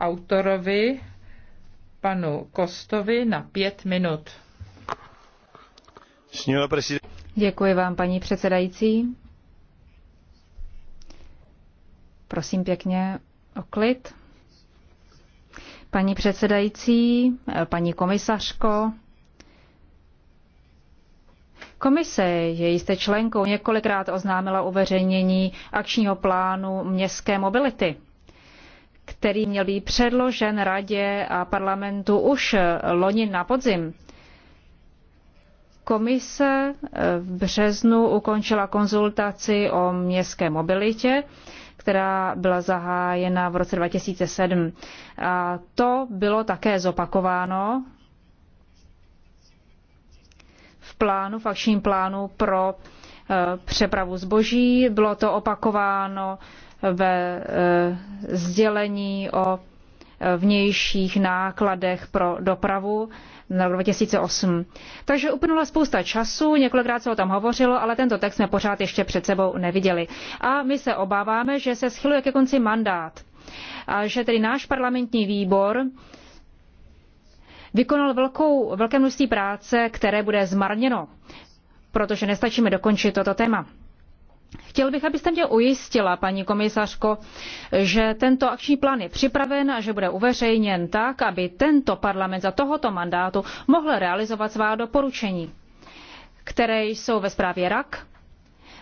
autorovi, panu Kostovi, na pět minut. Děkuji vám, paní předsedající. Prosím pěkně o klid. Paní předsedající, paní komisařko, Komise, je jste členkou, několikrát oznámila uveřejnění akčního plánu městské mobility který měl být předložen radě a parlamentu už loni na podzim. Komise eh, v březnu ukončila konzultaci o městské mobilitě, která byla zahájena v roce 2007. A to bylo také zopakováno v plánu, v akčním plánu pro eh, přepravu zboží. Bylo to opakováno ve eh, sdělení o eh, vnějších nákladech pro dopravu na rok 2008. Takže uplynula spousta času, několikrát se o tom hovořilo, ale tento text jsme pořád ještě před sebou neviděli. A my se obáváme, že se schyluje ke konci mandát. A že tedy náš parlamentní výbor vykonal velkou, velké množství práce, které bude zmarněno, protože nestačíme dokončit toto téma. Chtěl bych, abyste mě ujistila, paní komisařko, že tento akční plán je připraven a že bude uveřejněn tak, aby tento parlament za tohoto mandátu mohl realizovat svá doporučení, které jsou ve zprávě RAK,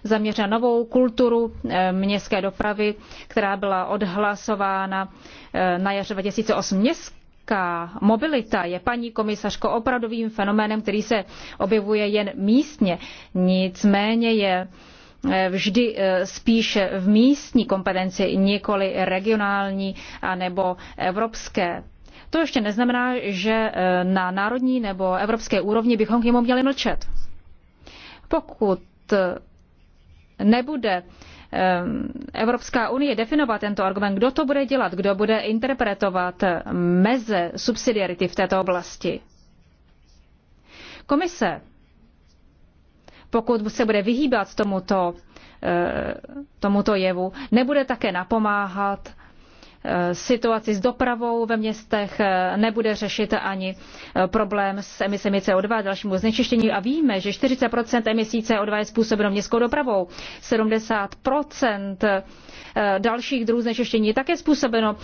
zaměřena novou kulturu eh, městské dopravy, která byla odhlasována eh, na jaře 2008. Městská mobilita je, paní komisařko, opravdovým fenoménem, který se objevuje jen místně. Nicméně je Eh, vždy eh, spíše v místní kompetenci, nikoli regionální a nebo evropské. To ještě neznamená, že eh, na národní nebo evropské úrovni bychom k němu měli mlčet. Pokud nebude Evropská unie definovat tento argument, kdo to bude dělat, kdo bude interpretovat meze subsidiarity v této oblasti. Komise pokud se bude vyhýbat tomuto, eh, tomuto jevu, nebude také napomáhat eh, situaci s dopravou ve městech, eh, nebude řešit ani problém s emisemi CO2 a dalšímu znečištění. A víme, že 40 emisí CO2 je způsobeno městskou dopravou, 70 dalších druhů znečištění je také způsobeno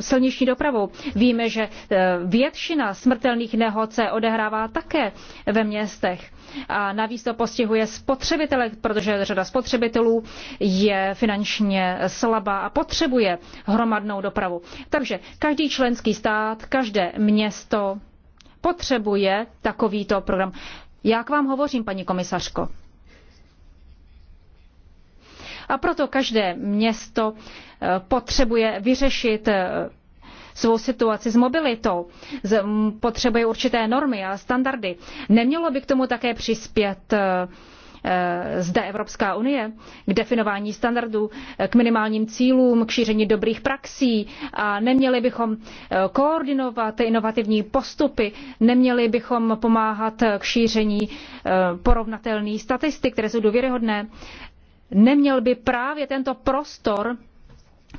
silniční dopravou. Víme, že většina smrtelných nehod se odehrává také ve městech a navíc to postihuje spotřebitele, protože řada spotřebitelů je finančně slabá a potřebuje hromadnou dopravu. Takže každý členský stát, každé město potřebuje takovýto program. Jak vám hovořím, paní komisařko? A proto každé město eh, potřebuje vyřešit eh, svou situaci s mobilitou, potřebuje určité normy a standardy. Nemělo by k tomu také přispět e, e, zde Evropská unie k definování standardů, e, k minimálním cílům, k šíření dobrých praxí a neměli bychom koordinovat inovativní postupy, neměli bychom pomáhat k šíření porovnatelných statistik, které jsou důvěryhodné. Neměl by právě tento prostor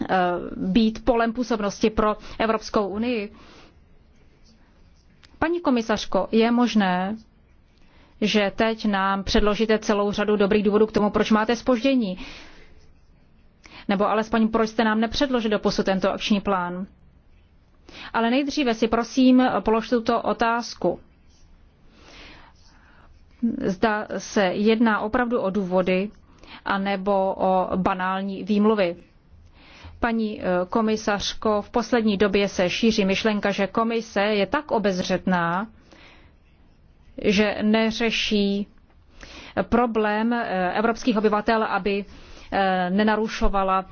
Eh, být polem působnosti pro Evropskou unii. Paní komisařko, je možné, že teď nám předložíte celou řadu dobrých důvodů k tomu, proč máte spoždění? Nebo alespoň proč jste nám nepředložili do posud tento akční plán? Ale nejdříve si prosím položte tuto otázku. Zda se jedná opravdu o důvody, anebo o banální výmluvy. Paní eh, komisařko, v poslední době se šíří myšlenka, že komise je tak obezřetná, že neřeší eh, problém eh, evropských obyvatel, aby nenarušovala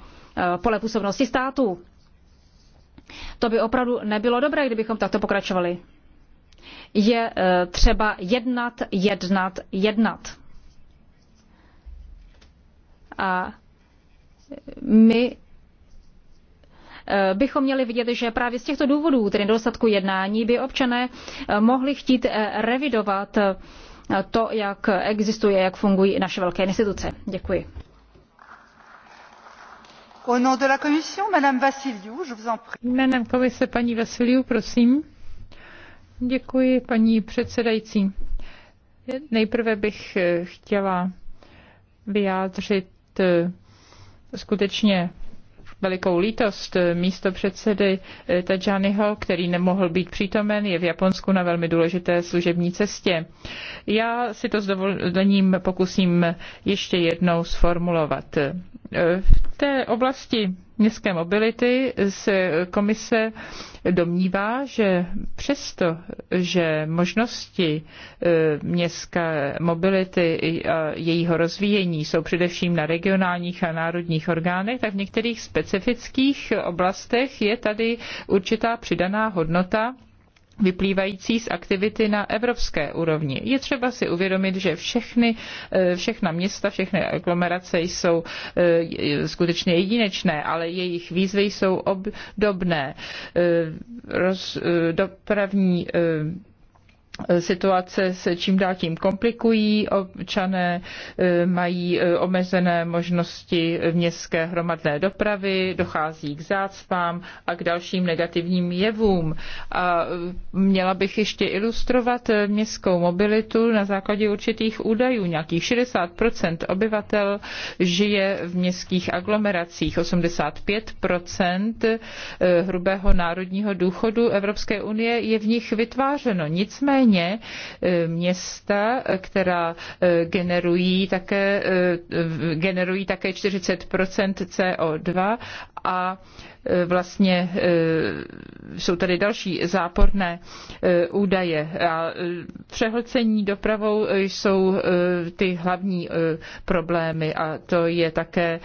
pole působnosti států. To by opravdu nebylo dobré, kdybychom takto pokračovali. Je třeba jednat, jednat, jednat. A my Eh, bychom měli vidět, že právě z těchto důvodů, tedy nedostatku jednání, by občané eh, mohli chtít eh, revidovat to, jak existuje, jak fungují naše velké instituce. Děkuji. Jménem komise paní Vasiliu, prosím. Děkuji, paní předsedající. Nejprve bych chtěla vyjádřit skutečně velikou lítost místo předsedy eh, Tajaniho, který nemohl být přítomen, je v Japonsku na velmi důležité služební cestě. Já si to s dovolením pokusím ještě jednou sformulovat. Eh, v té oblasti městské mobility se komise domnívá, že přesto, že možnosti e, městské mobility a jejího rozvíjení jsou především na regionálních a národních orgánech, tak v některých specifických oblastech je tady určitá přidaná hodnota vyplývající z aktivity na evropské úrovni. Je třeba si uvědomit, že všechny, eh, všechna města, všechny aglomerace jsou eh, skutečně jedinečné, ale jejich výzvy jsou obdobné. Eh, roz, dopravní Eh, situace se čím dál tím komplikují, občané eh, mají eh, omezené možnosti městské hromadné dopravy, dochází k zácpám a k dalším negativním jevům. A měla bych ještě ilustrovat městskou mobilitu na základě určitých údajů. Nějakých 60% obyvatel žije v městských aglomeracích, 85% hrubého národního důchodu Evropské unie je v nich vytvářeno. Nicméně Nicméně eh, města, která eh, generují také, eh, generují také 40 CO2 a Eh, vlastně eh, jsou tady další záporné eh, údaje. A přehlcení dopravou jsou ty hlavní problémy a to je také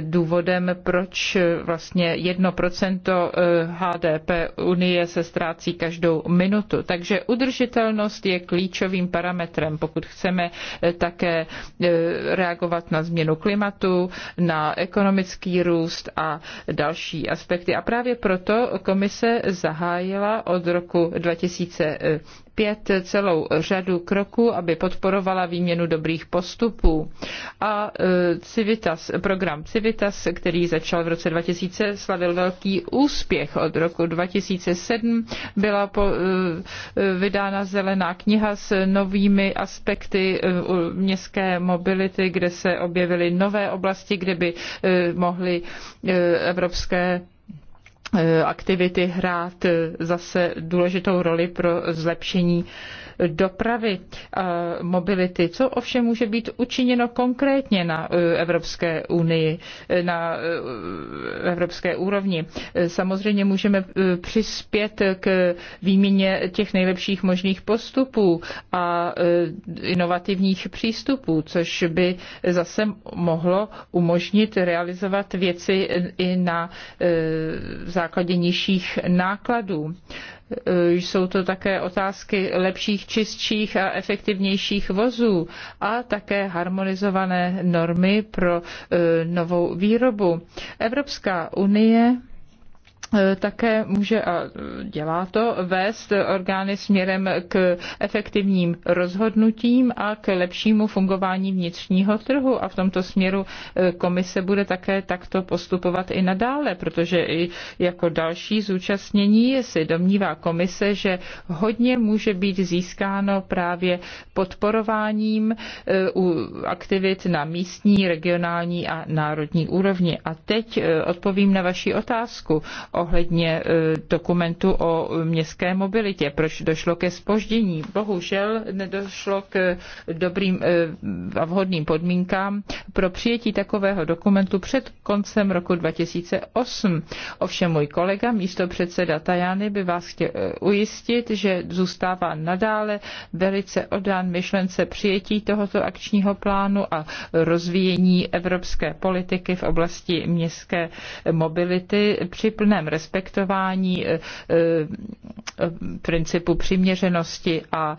důvodem, proč vlastně jedno procento HDP Unie se ztrácí každou minutu. Takže udržitelnost je klíčovým parametrem, pokud chceme také reagovat na změnu klimatu, na ekonomický růst a další aspekty. A právě proto komise zahájila od roku 2000 5 celou řadu kroků, aby podporovala výměnu dobrých postupů. A e, Civitas, program Civitas, který začal v roce 2000, slavil velký úspěch. Od roku 2007 byla po, e, vydána zelená kniha s novými aspekty e, městské mobility, kde se objevily nové oblasti, kde by mohly evropské Eh, aktivity hrát eh, zase důležitou roli pro zlepšení dopravy a mobility. Co ovšem může být učiněno konkrétně na eh, Evropské unii, na evropské úrovni? Samozřejmě můžeme přispět k výměně těch nejlepších možných postupů a inovativních přístupů, což by zase mohlo umožnit realizovat věci i na základě nižších nákladů. E, jsou to také otázky lepších, čistších a efektivnějších vozů a také harmonizované normy pro e, novou výrobu. Evropská unie Eh, také může a eh, dělá to vést orgány směrem k efektivním rozhodnutím a k lepšímu fungování vnitřního trhu a v tomto směru eh, komise bude také takto postupovat i nadále, protože i jako další zúčastnění si domnívá komise, že hodně může být získáno právě podporováním u aktivit na místní, regionální a národní úrovni. A teď odpovím na vaši otázku o ohledně e, dokumentu o městské mobilitě, proč došlo ke spoždění. Bohužel nedošlo k dobrým e, a vhodným podmínkám pro přijetí takového dokumentu před koncem roku 2008. Ovšem můj kolega, místo předseda Tajany, by vás chtěl e, ujistit, že zůstává nadále velice odán myšlence přijetí tohoto akčního plánu a rozvíjení evropské politiky v oblasti městské mobility při plném respektování eh, eh, principu přiměřenosti a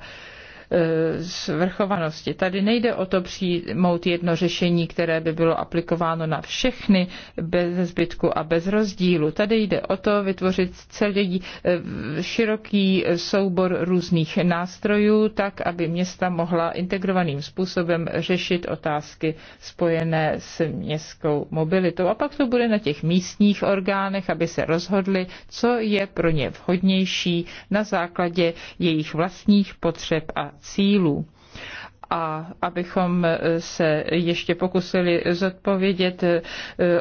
E, svrchovanosti. Tady nejde o to přijmout jedno řešení, které by bylo aplikováno na všechny bez zbytku a bez rozdílu. Tady jde o to vytvořit celý e, široký soubor různých nástrojů, tak, aby města mohla integrovaným způsobem řešit otázky spojené s městskou mobilitou. A pak to bude na těch místních orgánech, aby se rozhodli, co je pro ně vhodnější na základě jejich vlastních potřeb a cílů a abychom se ještě pokusili zodpovědět eh,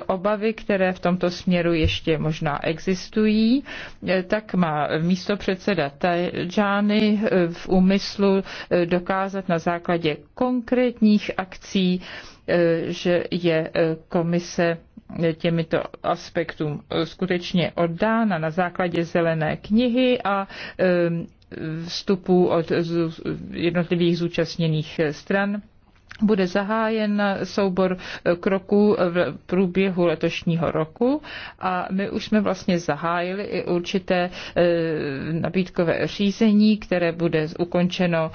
obavy, které v tomto směru ještě možná existují, eh, tak má místo předseda Tajani eh, v úmyslu dokázat na základě konkrétních akcí, že je komise těmito aspektům skutečně oddána na základě zelené knihy a vstupů od jednotlivých zúčastněných stran bude zahájen soubor kroků v průběhu letošního roku a my už jsme vlastně zahájili i určité e, nabídkové řízení, které bude ukončeno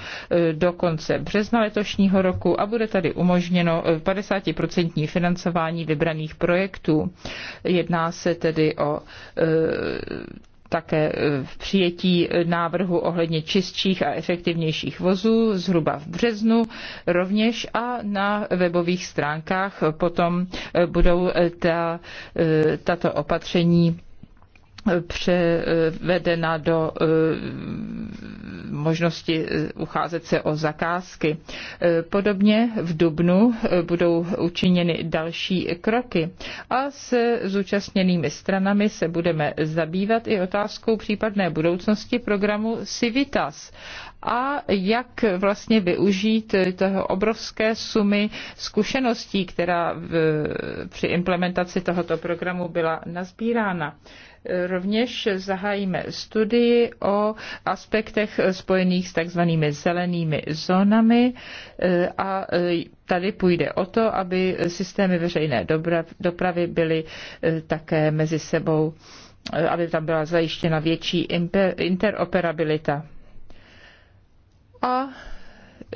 e, do konce března letošního roku a bude tady umožněno 50% e, financování vybraných projektů. Jedná se tedy o také e, v přijetí návrhu ohledně čistších a efektivnějších vozů zhruba v březnu rovněž a na webových stránkách potom e, budou e, ta, tato opatření převedena do eh, možnosti eh, ucházet se o zakázky. Eh, podobně v Dubnu budou učiněny další kroky a s zúčastněnými stranami se budeme zabývat i otázkou případné budoucnosti programu Civitas a jak vlastně využít toho obrovské sumy zkušeností, která v, při implementaci tohoto programu byla nazbírána rovněž zahájíme studii o aspektech spojených s takzvanými zelenými zónami eh, a eh, tady půjde o to, aby systémy veřejné dopravy byly eh, také mezi sebou, aby tam byla zajištěna větší interoperabilita. A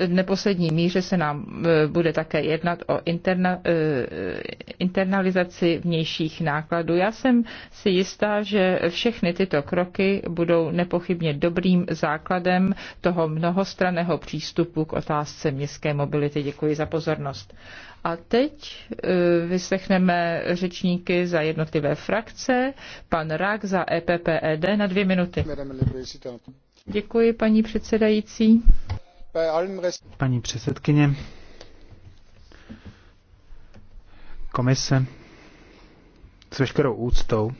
neposlední míře se nám e, bude také jednat o interna, e, internalizaci vnějších nákladů. Já jsem si jistá, že všechny tyto kroky budou nepochybně dobrým základem toho mnohostraného přístupu k otázce městské mobility. Děkuji za pozornost. A teď e, vyslechneme řečníky za jednotlivé frakce. Pan Rák za EPPED na dvě minuty. Děkuji, paní předsedající. Paní předsedkyně, komise s veškerou úctou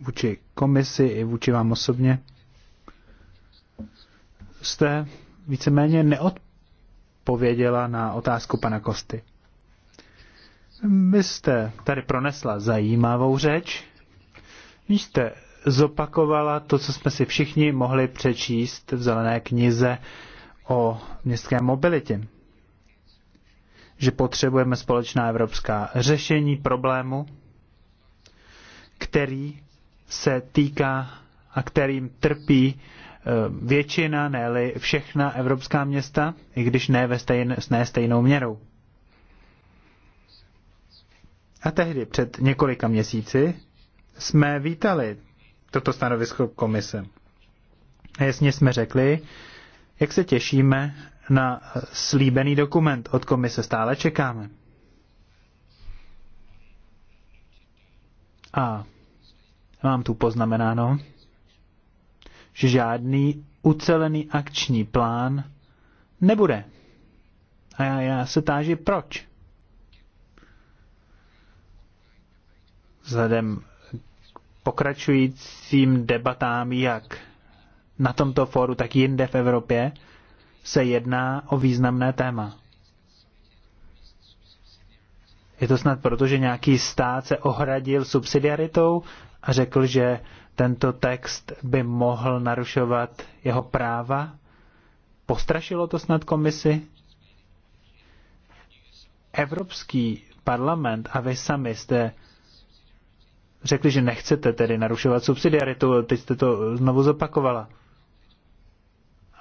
vůči komisi i vůči vám osobně jste víceméně neodpověděla na otázku pana Kosty. Vy jste tady pronesla zajímavou řeč, vy jste zopakovala to, co jsme si všichni mohli přečíst v zelené knize o městské mobilitě. Že potřebujeme společná evropská řešení problému, který se týká a kterým trpí eh, většina, ne všechna evropská města, i když ne, ve stejn, ne stejnou měrou. A tehdy před několika měsíci jsme vítali toto stanovisko komise. Jasně jsme řekli, jak se těšíme na slíbený dokument od komise. Stále čekáme. A mám tu poznamenáno, že žádný ucelený akční plán nebude. A já, já se táži, proč? Vzhledem pokračujícím debatám, jak na tomto fóru, tak jinde v Evropě, se jedná o významné téma. Je to snad proto, že nějaký stát se ohradil subsidiaritou a řekl, že tento text by mohl narušovat jeho práva? Postrašilo to snad komisi? Evropský parlament a vy sami jste řekli, že nechcete tedy narušovat subsidiaritu, teď jste to znovu zopakovala.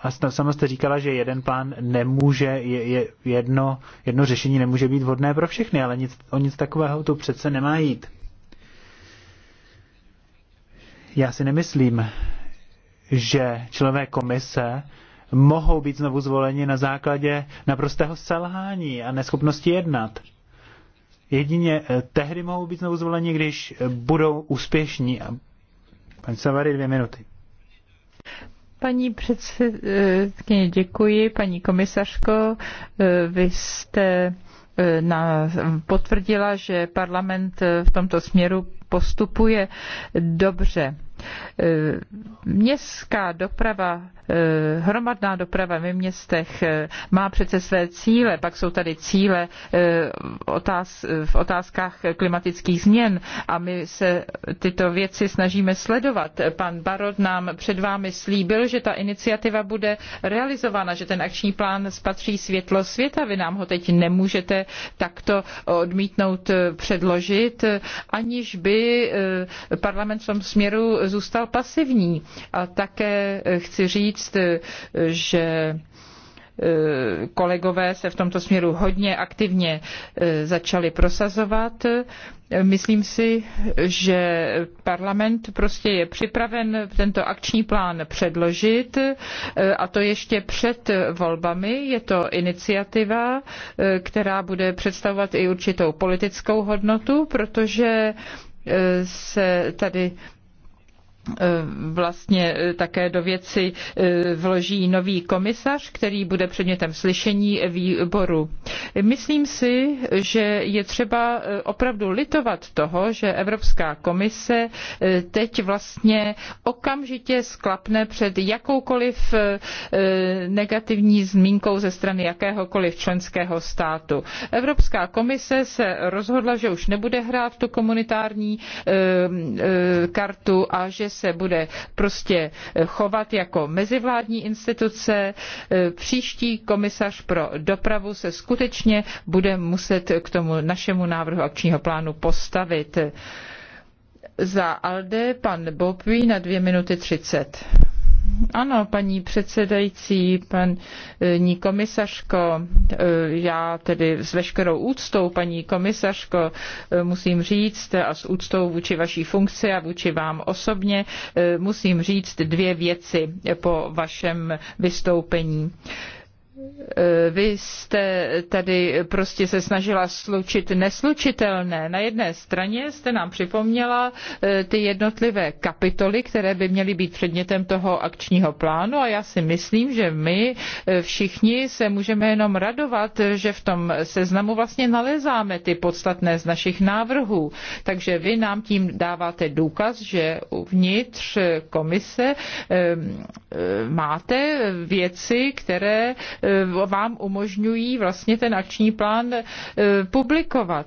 A sama jste říkala, že jeden plán nemůže, je, je, jedno, jedno řešení nemůže být vhodné pro všechny, ale nic, o nic takového tu přece nemá jít. Já si nemyslím, že členové komise mohou být znovu zvoleni na základě naprostého selhání a neschopnosti jednat. Jedině eh, tehdy mohou být znovu zvoleni, když eh, budou úspěšní. Pan Savary, dvě minuty. Paní předsedkyně, děkuji. Paní komisařko, eh, vy jste na, potvrdila, že parlament v tomto směru postupuje dobře. Eh, městská doprava, eh, hromadná doprava ve městech eh, má přece své cíle, pak jsou tady cíle v otázkách klimatických změn a my se tyto věci snažíme sledovat. Pan Barod nám před vámi slíbil, že ta iniciativa bude realizována, že ten akční plán spatří světlo světa. Vy nám ho teď nemůžete takto odmítnout předložit, aniž by parlament v tom směru zůstal pasivní. A také eh, chci říct, eh, že eh, kolegové se v tomto směru hodně aktivně začali prosazovat. Myslím si, že parlament prostě je připraven tento akční plán předložit a to ještě před volbami. Je to iniciativa, která bude představovat i určitou politickou hodnotu, protože se tady Eh, vlastně eh, také do věci eh, vloží nový komisař, který bude předmětem slyšení výboru. Myslím si, že je třeba opravdu litovat toho, že Evropská komise teď vlastně okamžitě sklapne před jakoukoliv negativní zmínkou ze strany jakéhokoliv členského státu. Evropská komise se rozhodla, že už nebude hrát tu komunitární kartu a že se bude prostě chovat jako mezivládní instituce. Příští komisař pro dopravu se skutečně bude muset k tomu našemu návrhu akčního plánu postavit. Za ALDE pan Bopví na dvě minuty třicet. Ano, paní předsedající, paní komisařko, já tedy s veškerou úctou, paní komisařko, musím říct a s úctou vůči vaší funkci a vůči vám osobně, musím říct dvě věci po vašem vystoupení. Eh, vy jste tady prostě se snažila slučit neslučitelné. Na jedné straně jste nám připomněla eh, ty jednotlivé kapitoly, které by měly být předmětem toho akčního plánu a já si myslím, že my eh, všichni se můžeme jenom radovat, že v tom seznamu vlastně nalezáme ty podstatné z našich návrhů. Takže vy nám tím dáváte důkaz, že uvnitř komise máte věci, které vám umožňují vlastně ten akční plán eh, publikovat.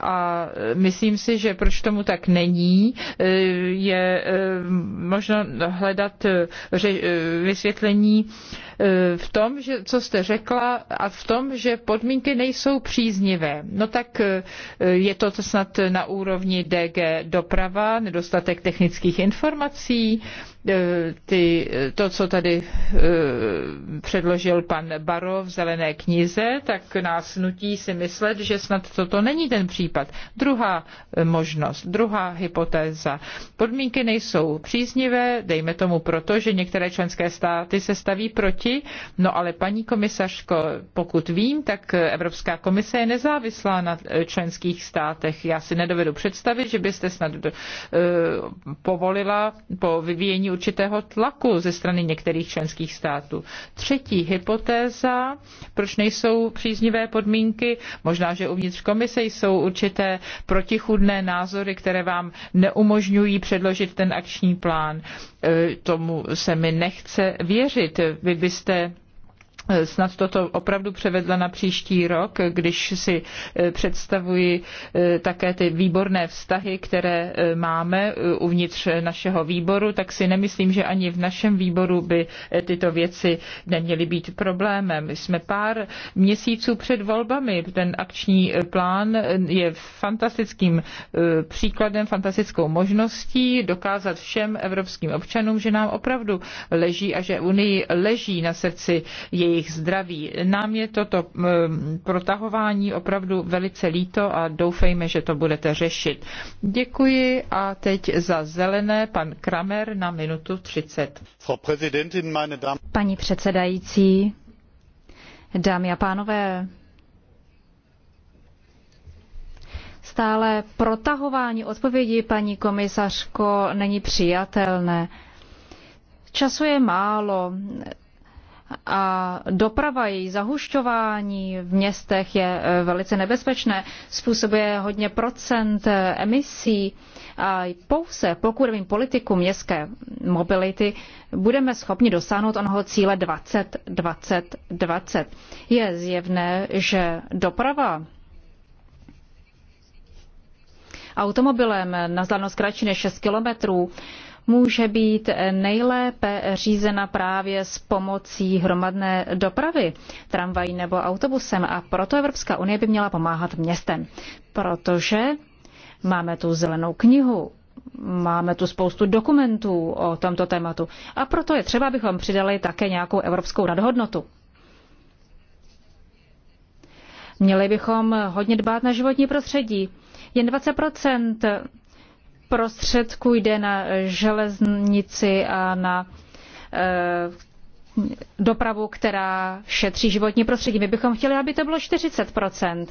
A myslím si, že proč tomu tak není, e, je e, možno hledat e, vysvětlení v tom, že, co jste řekla, a v tom, že podmínky nejsou příznivé. No tak je to snad na úrovni DG doprava, nedostatek technických informací, ty, to, co tady předložil pan Baro v zelené knize, tak nás nutí si myslet, že snad toto není ten případ případ. Druhá eh, možnost, druhá hypotéza. Podmínky nejsou příznivé, dejme tomu proto, že některé členské státy se staví proti, no ale paní komisařko, pokud vím, tak Evropská komise je nezávislá na eh, členských státech. Já si nedovedu představit, že byste snad eh, povolila po vyvíjení určitého tlaku ze strany některých členských států. Třetí hypotéza, proč nejsou příznivé podmínky, možná, že uvnitř komise jsou určité protichudné názory, které vám neumožňují předložit ten akční plán. E, tomu se mi nechce věřit. Vy byste snad toto opravdu převedla na příští rok, když si e, představuji e, také ty výborné vztahy, které e, máme uvnitř našeho výboru, tak si nemyslím, že ani v našem výboru by tyto věci neměly být problémem. Jsme pár měsíců před volbami. Ten akční plán je fantastickým příkladem, fantastickou možností dokázat všem evropským občanům, že nám opravdu leží a že Unii leží na srdci její jejich zdraví. Nám je toto protahování opravdu velice líto a doufejme, že to budete řešit. Děkuji a teď za zelené pan Kramer na minutu 30. Paní předsedající, dámy a pánové, stále protahování odpovědi, paní komisařko, není přijatelné. Času je málo a doprava, její zahušťování v městech je eh, velice nebezpečné, způsobuje hodně procent eh, emisí a pouze pokud vím politiku městské mobility budeme schopni dosáhnout onoho cíle 20, 20, 20. Je zjevné, že doprava automobilem na vzdálenost kratší než 6 kilometrů může být nejlépe řízena právě s pomocí hromadné dopravy, tramvají nebo autobusem. A proto Evropská unie by měla pomáhat městem, protože máme tu zelenou knihu, máme tu spoustu dokumentů o tomto tématu. A proto je třeba, abychom přidali také nějakou evropskou nadhodnotu. Měli bychom hodně dbát na životní prostředí. Jen 20 prostředků jde na železnici a na eh, dopravu, která šetří životní prostředí. My bychom chtěli, aby to bylo 40%.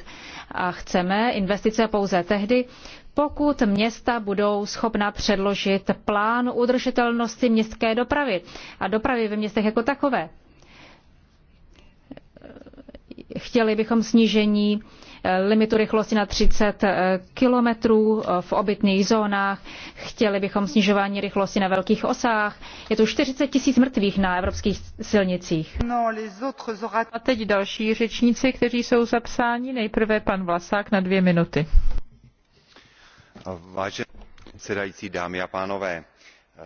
A chceme investice pouze tehdy, pokud města budou schopna předložit plán udržitelnosti městské dopravy a dopravy ve městech jako takové. Chtěli bychom snížení limitu rychlosti na 30 eh, kilometrů eh, v obytných zónách, chtěli bychom snižování rychlosti na velkých osách. Je tu 40 tisíc mrtvých na evropských silnicích. No, a teď další řečníci, kteří jsou zapsáni. Nejprve pan Vlasák na dvě minuty. Vážený předsedající, dámy a pánové,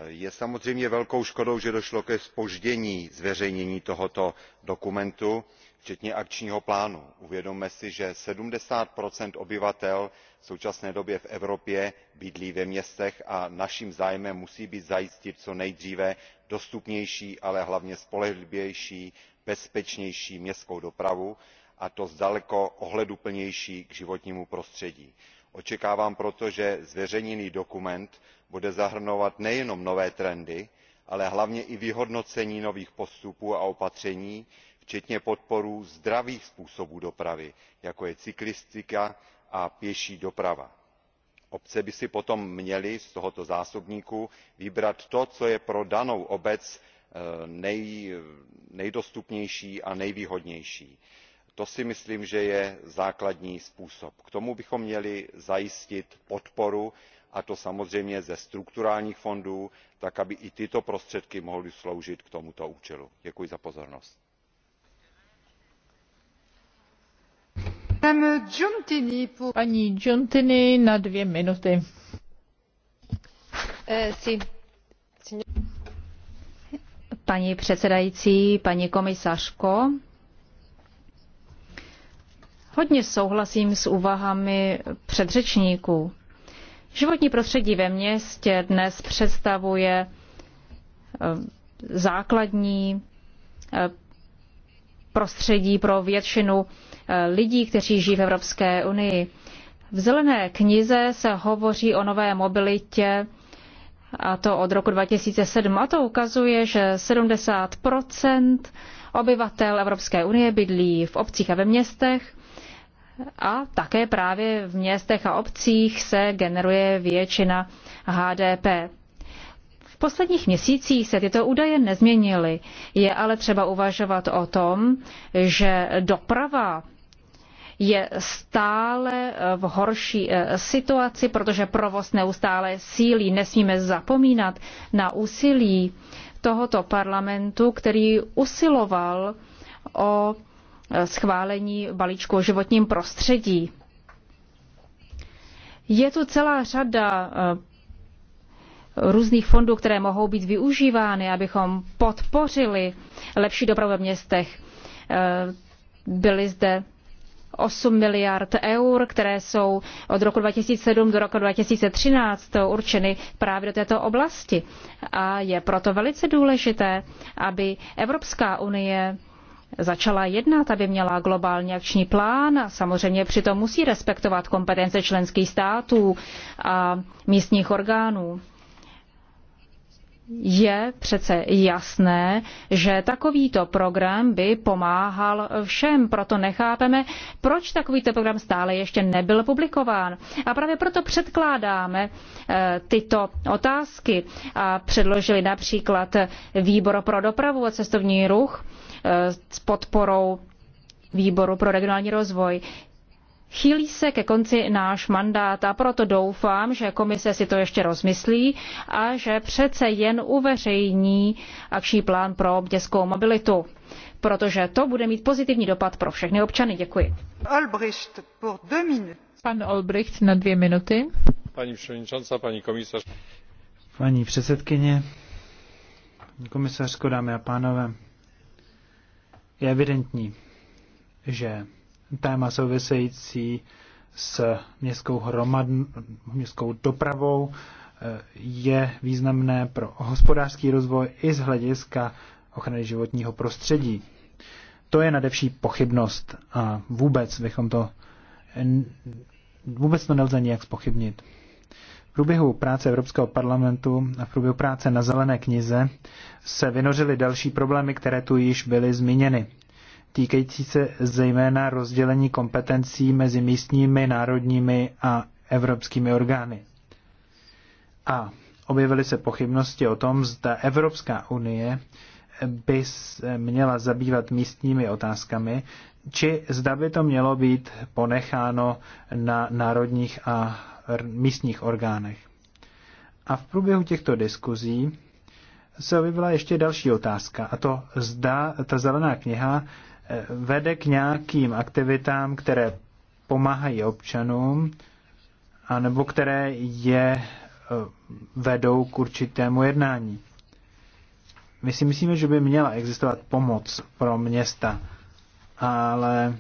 je samozřejmě velkou škodou že došlo ke zpoždění zveřejnění tohoto dokumentu včetně akčního plánu. uvědomme si že seventy obyvatel v současné době v evropě bydlí ve městech a naším zájmem musí být zajistit co nejdříve dostupnější ale hlavně spolehlivější bezpečnější městskou dopravu a to s daleko ohleduplnější k životnímu prostředí. očekávám proto že zveřejněný dokument bude zahrnovat nejenom nové trendy ale hlavně i vyhodnocení nových postupů a opatření včetně podpory zdravých způsobů dopravy jako je cyklistika a pěší doprava. obce by si potom měly z tohoto zásobníku vybrat to co je pro danou obec eh, nejdostupnější a nejvýhodnější. to si myslím že je základní způsob. k tomu bychom měli zajistit podporu a to samozřejmě ze strukturálních fondů tak aby i tyto prostředky mohly sloužit k tomuto účelu. děkuji za pozornost. Paní Giuntini na dvě minuty. Eh, paní předsedající, paní komisařko, hodně souhlasím s úvahami předřečníků. Životní prostředí ve městě dnes představuje eh, základní eh, prostředí pro většinu eh, lidí, kteří žijí v Evropské unii. V zelené knize se hovoří o nové mobilitě a to od roku 2007 a to ukazuje, že 70 obyvatel Evropské unie bydlí v obcích a ve městech a také právě v městech a obcích se generuje většina HDP posledních měsících se tyto údaje nezměnily. Je ale třeba uvažovat o tom, že doprava je stále v horší eh, situaci, protože provoz neustále sílí. Nesmíme zapomínat na úsilí tohoto parlamentu, který usiloval o eh, schválení balíčku o životním prostředí. Je tu celá řada eh, různých fondů, které mohou být využívány, abychom podpořili lepší dopravu v městech. Eh, byly zde 8 miliard eur, které jsou od roku 2007 do roku 2013 určeny právě do této oblasti. A je proto velice důležité, aby Evropská unie začala jednat, aby měla globální akční plán a samozřejmě přitom musí respektovat kompetence členských států a místních orgánů je přece jasné, že takovýto program by pomáhal všem. Proto nechápeme, proč takovýto program stále ještě nebyl publikován. A právě proto předkládáme eh, tyto otázky a předložili například výbor pro dopravu a cestovní ruch eh, s podporou výboru pro regionální rozvoj. Chýlí se ke konci náš mandát a proto doufám, že komise si to ještě rozmyslí a že přece jen uveřejní akční plán pro městskou mobilitu, protože to bude mít pozitivní dopad pro všechny občany. Děkuji. Albrecht, Pan Olbricht na dvě minuty. Paní předsedkyně, paní komisař. Paní předsedkyně, komisařko, dámy a pánové, je evidentní, že téma související s městskou, hromad, městskou dopravou eh, je významné pro hospodářský rozvoj i z hlediska ochrany životního prostředí. To je nadevší pochybnost a vůbec bychom to vůbec to nelze nijak spochybnit. V průběhu práce Evropského parlamentu a v průběhu práce na Zelené knize se vynořily další problémy, které tu již byly zmíněny týkající se zejména rozdělení kompetencí mezi místními, národními a evropskými orgány. A objevily se pochybnosti o tom, zda Evropská unie by měla zabývat místními otázkami, či zda by to mělo být ponecháno na národních a místních orgánech. A v průběhu těchto diskuzí se objevila ještě další otázka, a to zda ta zelená kniha vede k nějakým aktivitám, které pomáhají občanům, anebo které je e, vedou k určitému jednání. My si myslíme, že by měla existovat pomoc pro města, ale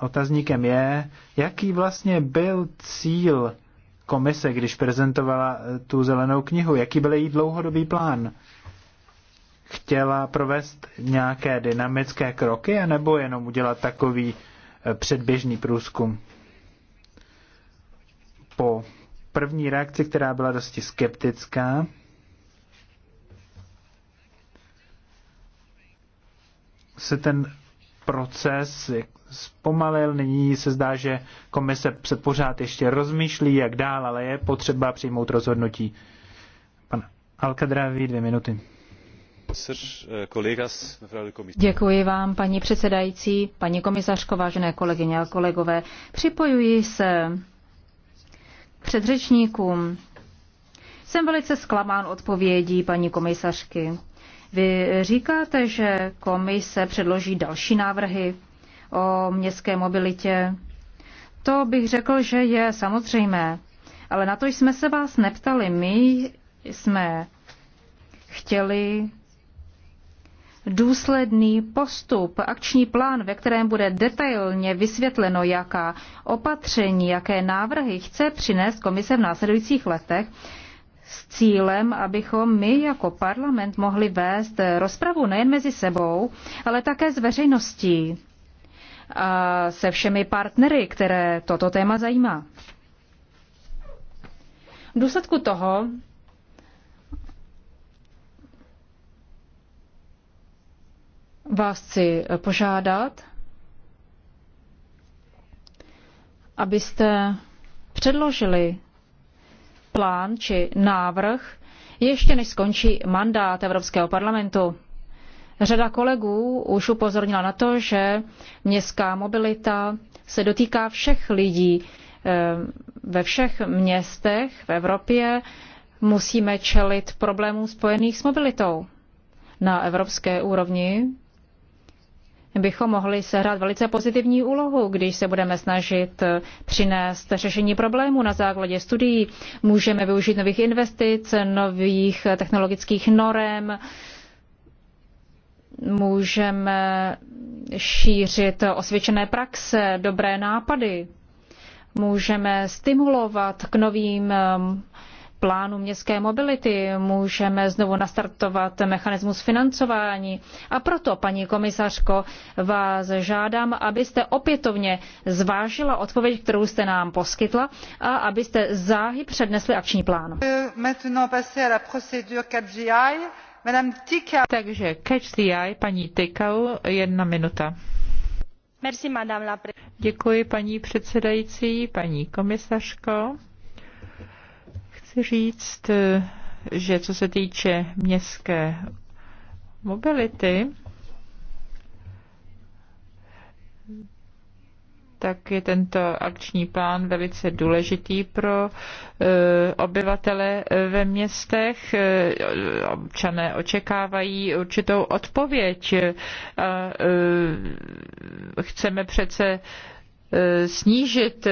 otazníkem je, jaký vlastně byl cíl komise, když prezentovala e, tu zelenou knihu, jaký byl její dlouhodobý plán chtěla provést nějaké dynamické kroky, anebo jenom udělat takový eh, předběžný průzkum? Po první reakci, která byla dosti skeptická, se ten proces zpomalil. Nyní se zdá, že komise se pořád ještě rozmýšlí, jak dál, ale je potřeba přijmout rozhodnutí. Pan Alkadraví, dvě minuty. Eh, Děkuji vám, paní předsedající, paní komisařko, vážené kolegyně a kolegové. Připojuji se k předřečníkům. Jsem velice zklamán odpovědí paní komisařky. Vy říkáte, že komise předloží další návrhy o městské mobilitě. To bych řekl, že je samozřejmé. Ale na to jsme se vás neptali. My jsme chtěli důsledný postup, akční plán, ve kterém bude detailně vysvětleno, jaká opatření, jaké návrhy chce přinést komise v následujících letech, s cílem, abychom my jako parlament mohli vést rozpravu nejen mezi sebou, ale také s veřejností a se všemi partnery, které toto téma zajímá. V důsledku toho vás chci požádat, abyste předložili plán či návrh ještě než skončí mandát Evropského parlamentu. Řada kolegů už upozornila na to, že městská mobilita se dotýká všech lidí ehm, ve všech městech v Evropě. Musíme čelit problémům spojených s mobilitou. Na evropské úrovni bychom mohli sehrát velice pozitivní úlohu, když se budeme snažit eh, přinést řešení problému na základě studií. Můžeme využít nových investic, nových eh, technologických norem, můžeme šířit eh, osvědčené praxe, dobré nápady, můžeme stimulovat k novým plánu městské mobility, můžeme znovu nastartovat mechanismus financování. A proto, paní komisařko, vás žádám, abyste opětovně zvážila odpověď, kterou jste nám poskytla a abyste záhy přednesli akční plán. Takže catch the eye, paní Tykau, jedna minuta. Merci, Děkuji, paní předsedající, paní komisařko chci říct, že co se týče městské mobility, tak je tento akční plán velice důležitý pro eh, obyvatele eh, ve městech. Eh, občané očekávají určitou odpověď. A chceme přece snížit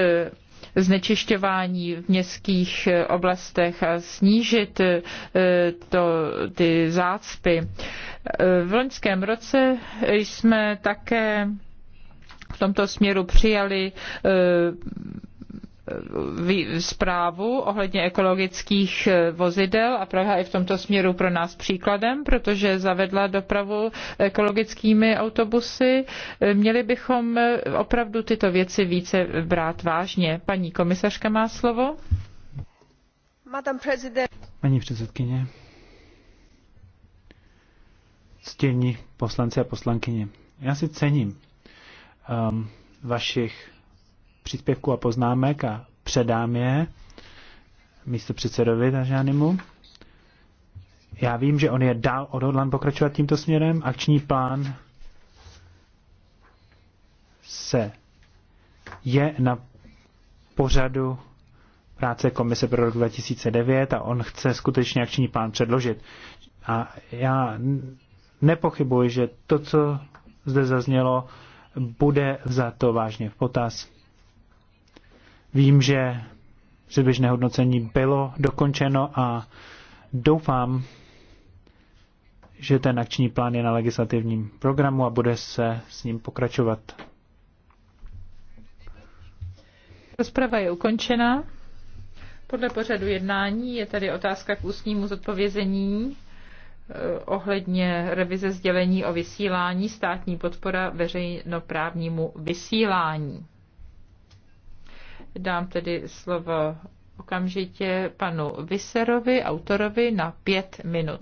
znečišťování v městských eh, oblastech a snížit eh, to, ty zácpy. Eh, v loňském roce jsme také v tomto směru přijali zprávu ohledně ekologických eh, vozidel a Praha je v tomto směru pro nás příkladem, protože zavedla dopravu ekologickými autobusy. Eh, měli bychom eh, opravdu tyto věci více brát vážně. Paní komisařka má slovo. Paní předsedkyně, ctění poslanci a poslankyně, já si cením um, vašich příspěvků a poznámek a předám je místo předsedovi Tažánimu. Já vím, že on je dál odhodlan pokračovat tímto směrem. Akční plán se je na pořadu práce Komise pro rok 2009 a on chce skutečně akční plán předložit. A já nepochybuji, že to, co zde zaznělo, bude za to vážně v potaz Vím, že předběžné hodnocení bylo dokončeno a doufám, že ten akční plán je na legislativním programu a bude se s ním pokračovat. Rozprava je ukončena. Podle pořadu jednání je tady otázka k ústnímu zodpovězení eh, ohledně revize sdělení o vysílání státní podpora veřejnoprávnímu vysílání. Dám tedy slovo okamžitě panu Viserovi, autorovi, na pět minut.